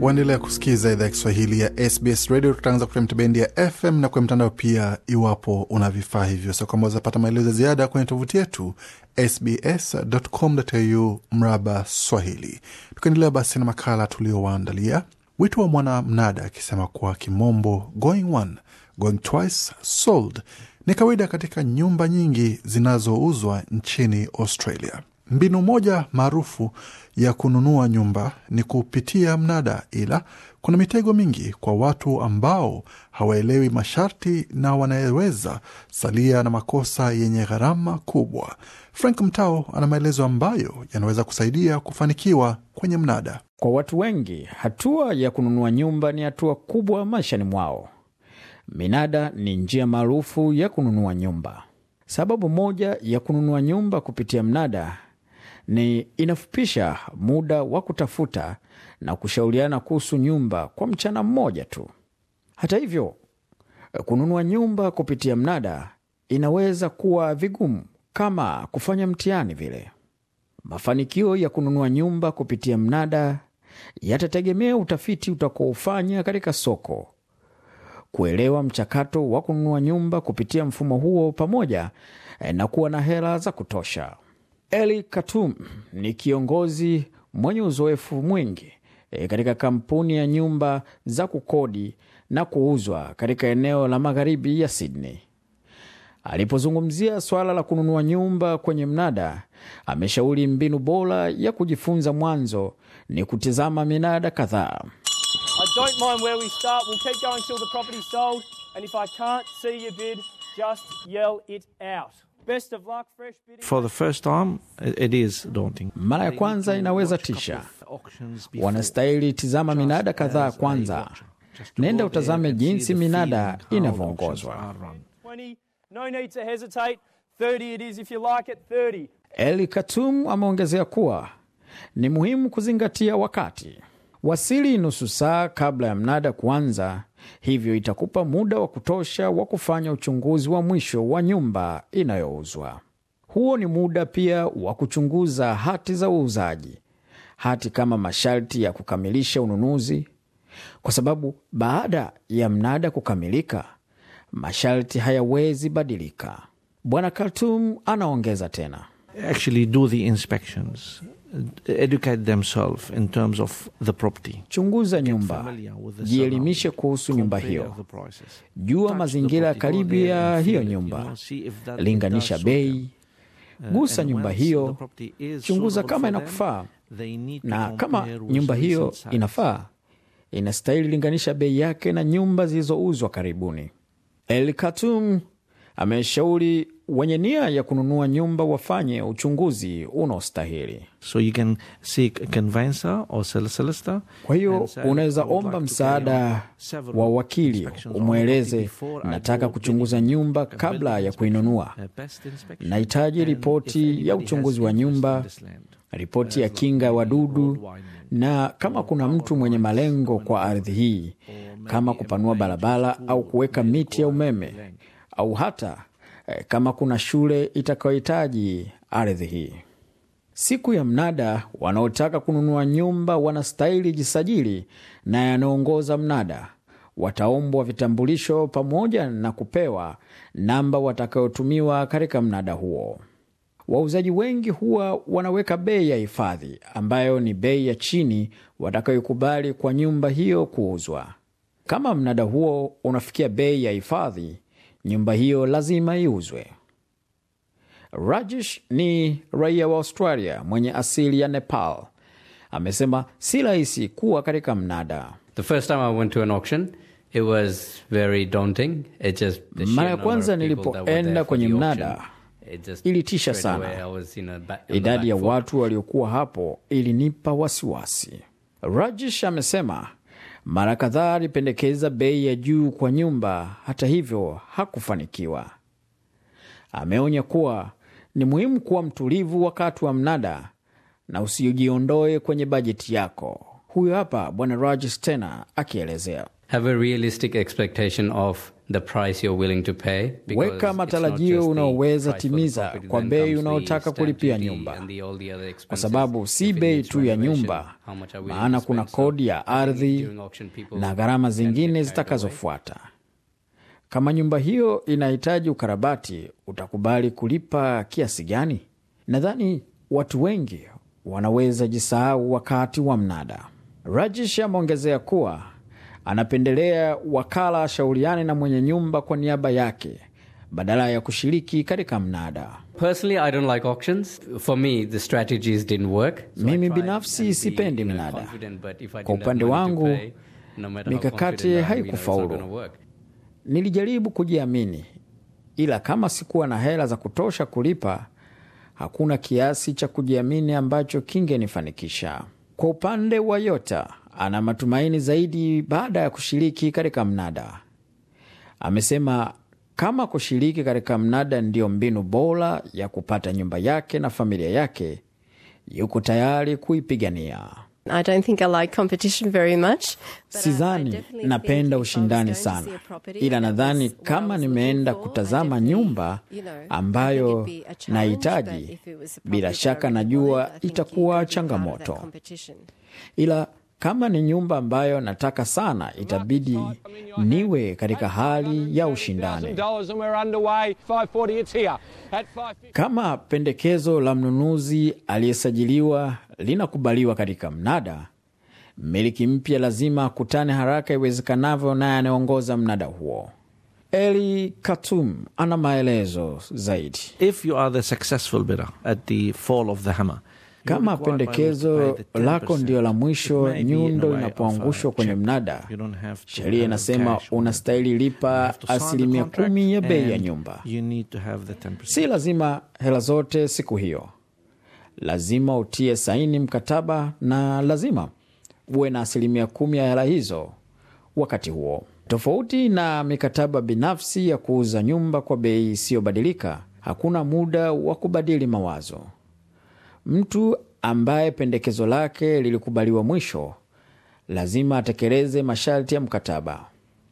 Waendelea kusikiza idhaa ya Kiswahili ya SBS Radio. Tutaanza kupitia bendi ya FM na kwenye mtandao pia, iwapo una vifaa hivyo, sio kwamba uzapata maelezo ya ziada kwenye tovuti yetu sbs.com.au mraba Swahili. Tukiendelea basi na makala tuliowaandalia, wito wa mwana mnada akisema kwa kimombo, going one, going twice, sold, ni kawaida katika nyumba nyingi zinazouzwa nchini Australia. Mbinu moja maarufu ya kununua nyumba ni kupitia mnada, ila kuna mitego mingi kwa watu ambao hawaelewi masharti na wanaweza salia na makosa yenye gharama kubwa. Frank Mtao ana maelezo ambayo yanaweza kusaidia kufanikiwa kwenye mnada. Kwa watu wengi, hatua ya kununua nyumba ni hatua kubwa maishani mwao. Minada ni njia maarufu ya kununua nyumba. Sababu moja ya kununua nyumba kupitia mnada ni inafupisha muda wa kutafuta na kushauriana kuhusu nyumba kwa mchana mmoja tu. Hata hivyo, kununua nyumba kupitia mnada inaweza kuwa vigumu kama kufanya mtihani vile. Mafanikio ya kununua nyumba kupitia mnada yatategemea utafiti utakaofanya katika soko, kuelewa mchakato wa kununua nyumba kupitia mfumo huo, pamoja eh, na kuwa na hela za kutosha. Eli Katum ni kiongozi mwenye uzoefu mwingi e, katika kampuni ya nyumba za kukodi na kuuzwa katika eneo la magharibi ya Sydney. Alipozungumzia swala la kununua nyumba kwenye mnada, ameshauri mbinu bora ya kujifunza mwanzo ni kutizama minada kadhaa. We'll For the first time, it is daunting. Mara ya kwanza inaweza tisha. Wanastahili tizama minada kadhaa kwanza, nenda utazame jinsi minada inavyoongozwa. Eli Katum ameongezea kuwa ni muhimu kuzingatia wakati Wasili nusu saa kabla ya mnada kuanza, hivyo itakupa muda wa kutosha wa kufanya uchunguzi wa mwisho wa nyumba inayouzwa. Huo ni muda pia wa kuchunguza hati za uuzaji, hati kama masharti ya kukamilisha ununuzi, kwa sababu baada ya mnada kukamilika, masharti hayawezi badilika. Bwana kartum anaongeza tena, Actually do the inspections educate themselves in terms of the property. Chunguza nyumba, jielimishe kuhusu nyumba hiyo, jua mazingira ya karibu ya hiyo nyumba, linganisha bei, uh, gusa nyumba hiyo, chunguza kama inakufaa, na kama nyumba hiyo inafaa, inastahili, linganisha bei yake na nyumba zilizouzwa karibuni. El Katum ameshauri wenye nia ya kununua nyumba wafanye uchunguzi unaostahili. So you can seek conveyancer or solicitor. Kwa hiyo unaweza omba msaada wa wakili, umweleze nataka kuchunguza nyumba kabla ya kuinunua, uh, nahitaji ripoti ya uchunguzi wa nyumba, ripoti ya kinga ya wadudu, na kama kuna mtu mwenye malengo kwa ardhi hii, kama kupanua barabara au kuweka miti ya umeme au hata eh, kama kuna shule itakayohitaji ardhi hii. Siku ya mnada, wanaotaka kununua nyumba wanastahili jisajili na yanaongoza mnada wataombwa vitambulisho pamoja na kupewa namba watakayotumiwa katika mnada huo. Wauzaji wengi huwa wanaweka bei ya hifadhi ambayo ni bei ya chini watakayokubali kwa nyumba hiyo kuuzwa. Kama mnada huo unafikia bei ya hifadhi, nyumba hiyo lazima iuzwe. rajish ni raia wa Australia mwenye asili ya Nepal. Amesema si rahisi kuwa katika mnada. The first time I went to an auction, it was very daunting. It just mara ya kwanza nilipoenda kwenye mnada ilitisha sana. Idadi ya watu waliokuwa hapo ilinipa wasiwasi. rajish amesema mara kadhaa alipendekeza bei ya juu kwa nyumba. Hata hivyo, hakufanikiwa. Ameonya kuwa ni muhimu kuwa mtulivu wakati wa mnada na usijiondoe kwenye bajeti yako. Huyo hapa Bwana Raj Stena akielezea. Have a realistic expectation of the price you're willing to pay. Weka matarajio unaoweza timiza kwa bei unaotaka kulipia nyumba, kwa sababu si bei tu ya nyumba, maana kuna kodi ya ardhi na gharama zingine zitakazofuata. Kama nyumba hiyo inahitaji ukarabati, utakubali kulipa kiasi gani? Nadhani watu wengi wanaweza jisahau wakati wa mnada. Rajish ameongezea kuwa anapendelea wakala ashauriane na mwenye nyumba kwa niaba yake badala ya kushiriki katika mnada. Mimi binafsi sipendi mnada. Kwa upande wangu, mikakati haikufaulu. Nilijaribu kujiamini, ila kama sikuwa na hela za kutosha kulipa, hakuna kiasi cha kujiamini ambacho kingenifanikisha. Kwa upande wa Yota, ana matumaini zaidi baada ya kushiriki katika mnada. Amesema kama kushiriki katika mnada ndiyo mbinu bora ya kupata nyumba yake na familia yake, yuko tayari kuipigania. Like sidhani napenda ushindani sana, ila nadhani kama nimeenda kutazama nyumba ambayo nahitaji, bila shaka najua itakuwa changamoto, ila kama ni nyumba ambayo nataka sana, itabidi niwe katika hali ya ushindani. Kama pendekezo la mnunuzi aliyesajiliwa linakubaliwa katika mnada, mmiliki mpya lazima akutane haraka iwezekanavyo naye anayeongoza mnada huo. Eli Katum ana maelezo zaidi. If you are the successful bidder at the fall of the hammer kama pendekezo lako ndio la mwisho, nyundo inapoangushwa kwenye mnada, sheria inasema unastahili lipa asilimia kumi ya bei ya nyumba. Si lazima hela zote siku hiyo, lazima utie saini mkataba na lazima uwe na asilimia kumi ya hela hizo wakati huo, tofauti na mikataba binafsi ya kuuza nyumba kwa bei isiyobadilika. Hakuna muda wa kubadili mawazo. Mtu ambaye pendekezo lake lilikubaliwa mwisho lazima atekeleze masharti ya mkataba.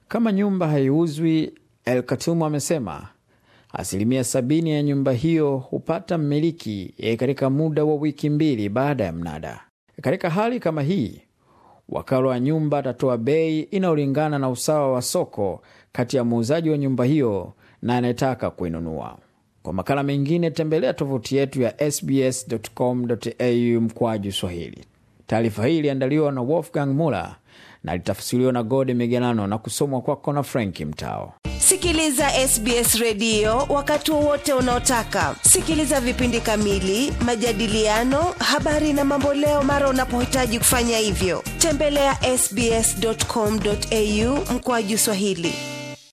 Kama nyumba haiuzwi, El Katumu amesema asilimia sabini ya nyumba hiyo hupata mmiliki eh, katika muda wa wiki mbili baada ya mnada. Katika hali kama hii, wakala wa nyumba atatoa bei inayolingana na usawa wa soko kati ya muuzaji wa nyumba hiyo na anayetaka kuinunua. Kwa makala mengine tembelea tovuti yetu ya sbs.com.au mkwaju Swahili. Taarifa hii iliandaliwa na Wolfgang Muller na litafsiriwa na Gode Migerano na kusomwa kwako na Franki Mtao. Sikiliza SBS redio wakati wowote unaotaka. Sikiliza vipindi kamili, majadiliano, habari na mamboleo mara unapohitaji kufanya hivyo. Tembelea ya sbs.com.au mkoaju Swahili.